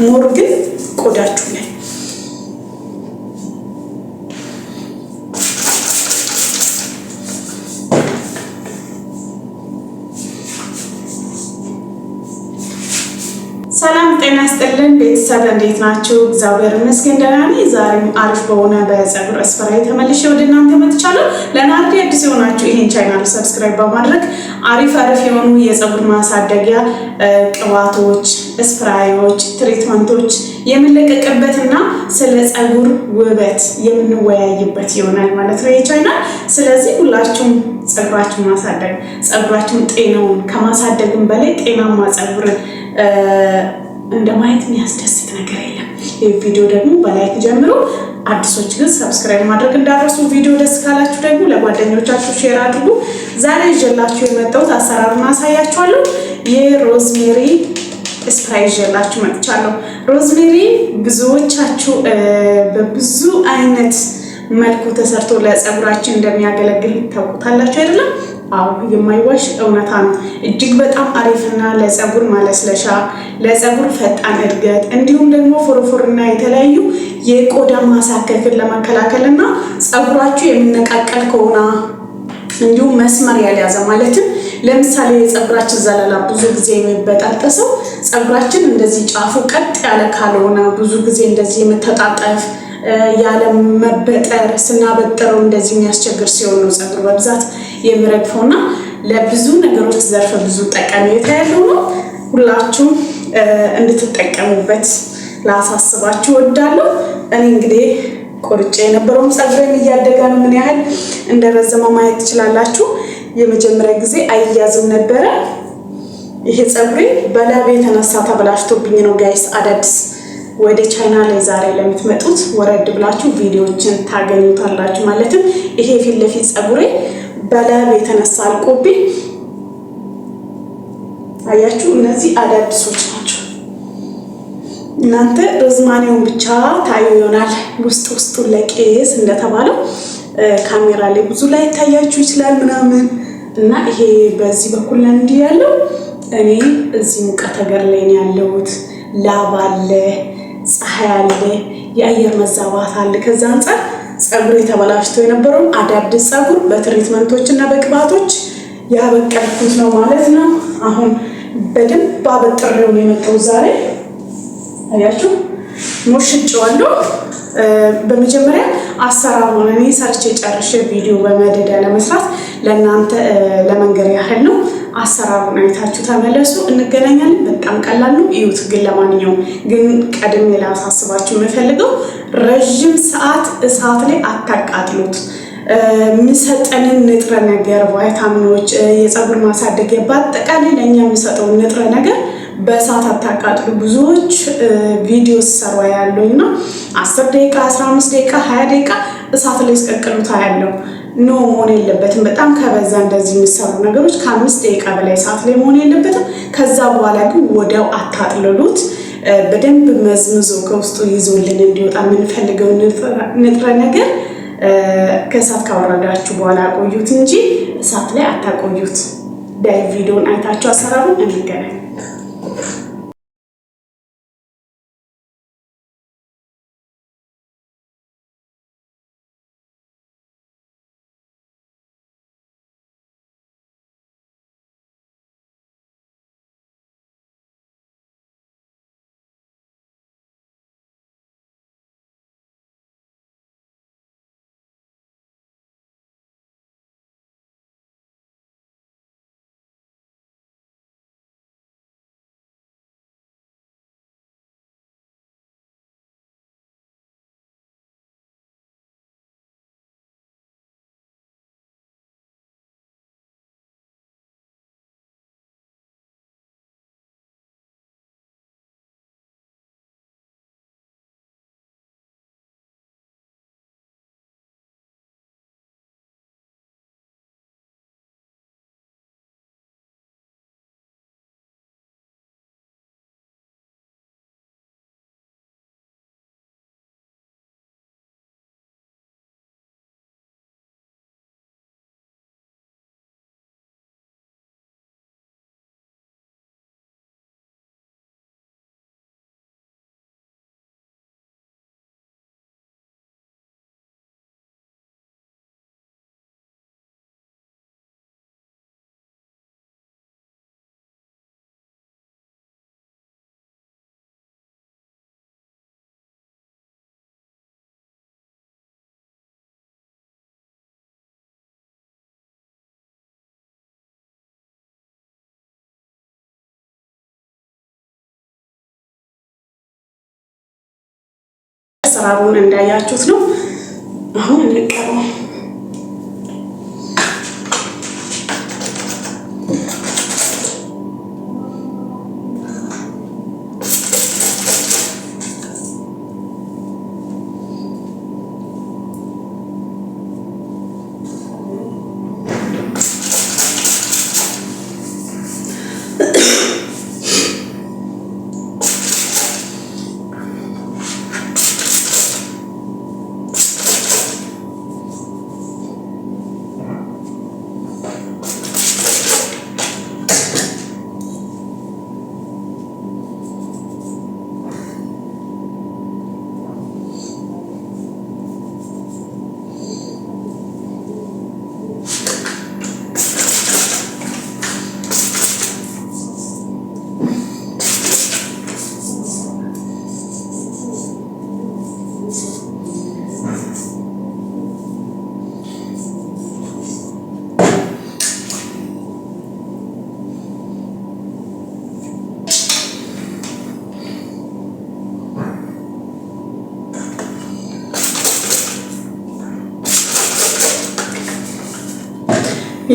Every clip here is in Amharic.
ሞር ግን ቆዳችሁ ላይ ይስጥልን ቤተሰብ እንዴት ናችሁ? እግዚአብሔር ይመስገን ደህና ነኝ። ዛሬም አሪፍ በሆነ በፀጉር ስፍራዬ ተመልሼ ወደ እናንተ መጥቻለሁ። ለናርዲ አዲስ የሆናችሁ ይህን ቻናል ሰብስክራይብ በማድረግ አሪፍ አሪፍ የሆኑ የፀጉር ማሳደጊያ ቅባቶች፣ ስፍራዎች፣ ትሪትመንቶች የምንለቀቅበት ስለ ፀጉር ውበት የምንወያይበት ይሆናል ማለት ነው ይህ ቻናል። ስለዚህ ሁላችሁም ፀጉራችሁን ማሳደግ ፀጉራችሁን ጤናውን ከማሳደግም በላይ ጤናማ ፀጉርን እንደ ማየት የሚያስደስት ነገር የለም። ይህ ቪዲዮ ደግሞ በላይክ ጀምሮ አዲሶች ግን ሰብስክራይብ ማድረግ እንዳረሱ። ቪዲዮ ደስ ካላችሁ ደግሞ ለጓደኞቻችሁ ሼር አድርጉ። ዛሬ ይዤላችሁ የመጣሁት አሰራሩን አሳያችኋለሁ። የሮዝሜሪ ስፕራይ ይዤላችሁ መጥቻለሁ። ሮዝሜሪ ብዙዎቻችሁ በብዙ አይነት መልኩ ተሰርቶ ለፀጉራችን እንደሚያገለግል ይታወቁታላችሁ አይደለም? አዎ የማይዋሽ እውነታ ነው። እጅግ በጣም አሪፍና ለፀጉር ማለስለሻ፣ ለፀጉር ፈጣን እድገት እንዲሁም ደግሞ ፎርፎርና የተለያዩ የቆዳ ማሳከክን ለመከላከልና ፀጉራችሁ የሚነቃቀል ከሆነ እንዲሁም መስመር ያልያዘ ማለትም ለምሳሌ የፀጉራችን ዘለላ ብዙ ጊዜ የሚበጣጠሰው ፀጉራችን እንደዚህ ጫፉ ቀጥ ያለ ካልሆነ ብዙ ጊዜ እንደዚህ የምተጣጠፍ ያለ መበጠር ስናበጠረው እንደዚህ የሚያስቸግር ሲሆን ነው ፀጉር በብዛት የሚረግፈው እና ለብዙ ነገሮች ዘርፈ ብዙ ጠቀሜታ ያለው ነው። ሁላችሁም እንድትጠቀሙበት ላሳስባችሁ እወዳለሁ። እኔ እንግዲህ ቆርጬ የነበረውም ፀጉሬም እያደገ ነው። ምን ያህል እንደረዘመ ማየት ትችላላችሁ። የመጀመሪያ ጊዜ አይያዝም ነበረ። ይሄ ፀጉሬ በላቤ የተነሳ ተበላሽቶብኝ ነው ጋይስ አዳዲስ ወደ ቻይና ላይ ዛሬ ለምትመጡት ወረድ ብላችሁ ቪዲዮዎችን ታገኙታላችሁ። ማለትም ይሄ ፊት ለፊት ጸጉሬ በላብ የተነሳ አልቆብኝ አያችሁ። እነዚህ አዳዲሶች ናቸው። እናንተ ርዝማኔውን ብቻ ታዩ ይሆናል። ውስጥ ውስጡ ለቄስ እንደተባለው ካሜራ ላይ ብዙ ላይ ይታያችሁ ይችላል ምናምን እና ይሄ በዚህ በኩል እንዲህ ያለው እኔ እዚህ ሙቀት ሀገር ላይ ነው ያለሁት። ላብ አለ ፀሐይ አለ፣ የአየር መዛባት አለ። ከዛ አንጻር ፀጉር ተበላሽቶ የነበረውን አዳዲስ ፀጉር በትሪትመንቶች እና በቅባቶች ያበቀልኩት ነው ማለት ነው። አሁን በደንብ አበጥሬው ነው የመጣው ዛሬ አያችሁ፣ ሞሽጬዋለሁ። በመጀመሪያ አሰራሩን እኔ ሰርቼ ጨርሼ ቪዲዮ በመደዳ ለመስራት ለእናንተ ለመንገር ያህል ነው። አሰራሩን አይታችሁ ተመለሱ። እንገናኛለን። በጣም ቀላል ነው፣ እዩት። ግን ለማንኛውም ግን ቀድሜ ላሳስባችሁ የምፈልገው ረዥም ሰዓት እሳት ላይ አታቃጥሉት። የሚሰጠንን ንጥረ ነገር ቫይታሚኖች፣ የፀጉር ማሳደጊያ በአጠቃላይ ለእኛ የሚሰጠውን ንጥረ ነገር በእሳት አታቃጥሉ። ብዙዎች ቪዲዮ ሰራ ያለው እና አስር ደቂቃ አስራ አምስት ደቂቃ ሀያ ደቂቃ እሳት ላይ ስቀቅሉታ ያለው ኖ መሆን የለበትም። በጣም ከበዛ እንደዚህ የሚሰሩ ነገሮች ከአምስት ደቂቃ በላይ ሰዓት ላይ መሆን የለበትም። ከዛ በኋላ ግን ወዲያው አታጥልሉት። በደንብ መዝምዞ ከውስጡ ይዞልን እንዲወጣ የምንፈልገው ንጥረ ነገር ከእሳት ካወረዳችሁ በኋላ ቆዩት እንጂ እሳት ላይ አታቆዩት። ዳይ ቪዲዮን አይታችሁ አሰራሩን እንገናኝ። አሰራሩን እንዳያችሁት ነው። አሁን እንቀረው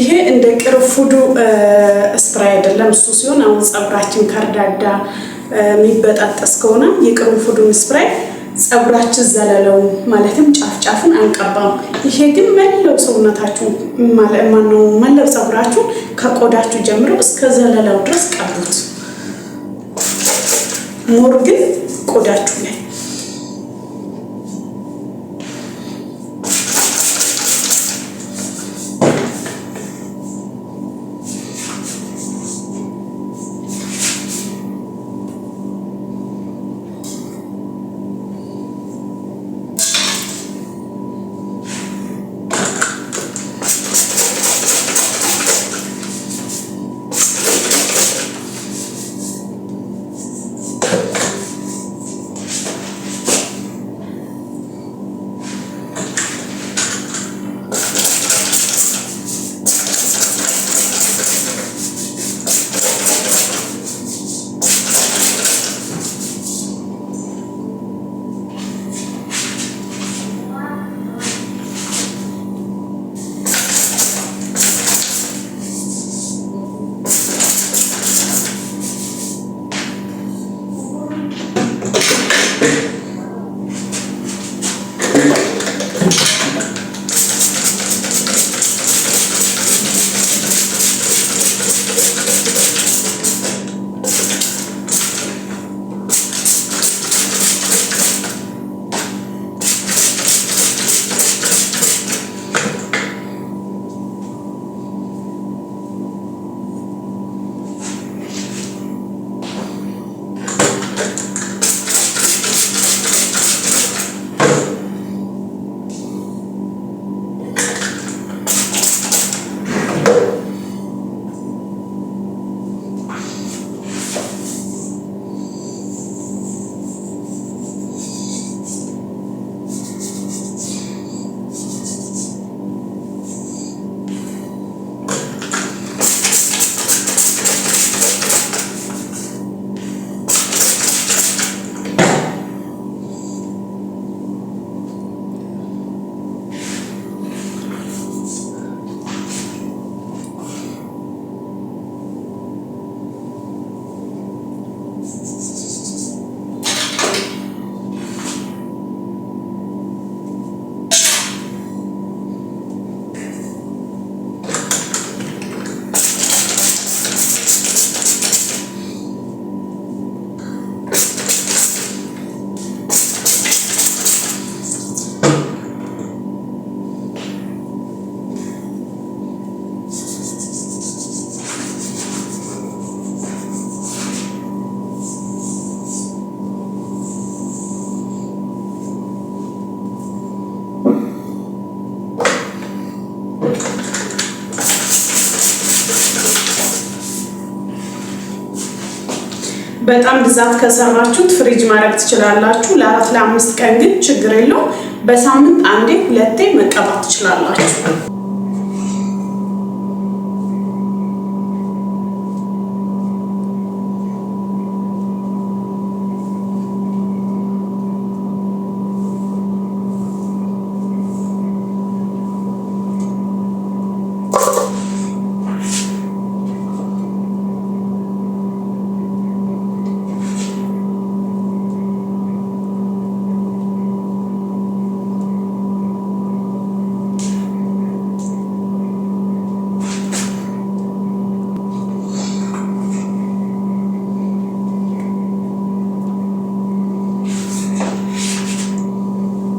ይሄ እንደ ቅርፉዱ ስፕራይ አይደለም እሱ ሲሆን፣ አሁን ጸጉራችን ከርዳዳ የሚበጣጠስ ከሆነ የቅርፉዱን ስፕራይ ጸጉራችን ዘለለው ማለትም ጫፍ ጫፍን አንቀባም። ይሄ ግን መለው ሰውነታችሁ ማነው መለው ፀጉራችሁን ከቆዳችሁ ጀምሮ እስከ ዘለለው ድረስ ቀቡት። ሞር ግን ቆዳችሁ ላይ በጣም ብዛት ከሰራችሁት ፍሪጅ ማድረግ ትችላላችሁ። ለአራት ለአምስት ቀን ግን ችግር የለው በሳምንት አንዴ ሁለቴ መቀባት ትችላላችሁ።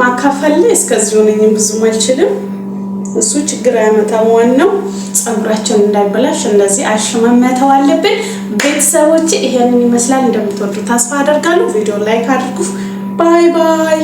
ማካፈል ላይ እስከዚህ ሆነኝም ብዙም አልችልም። እሱ ችግር አያመጣም። ዋናው ጸጉራችን እንዳይበላሽ እንደዚህ አሽመመተው አለብን። ቤተሰቦች ይሄንን ይመስላል። እንደምትወዱ ተስፋ አደርጋለሁ። ቪዲዮ ላይክ አድርጉ። ባይ ባይ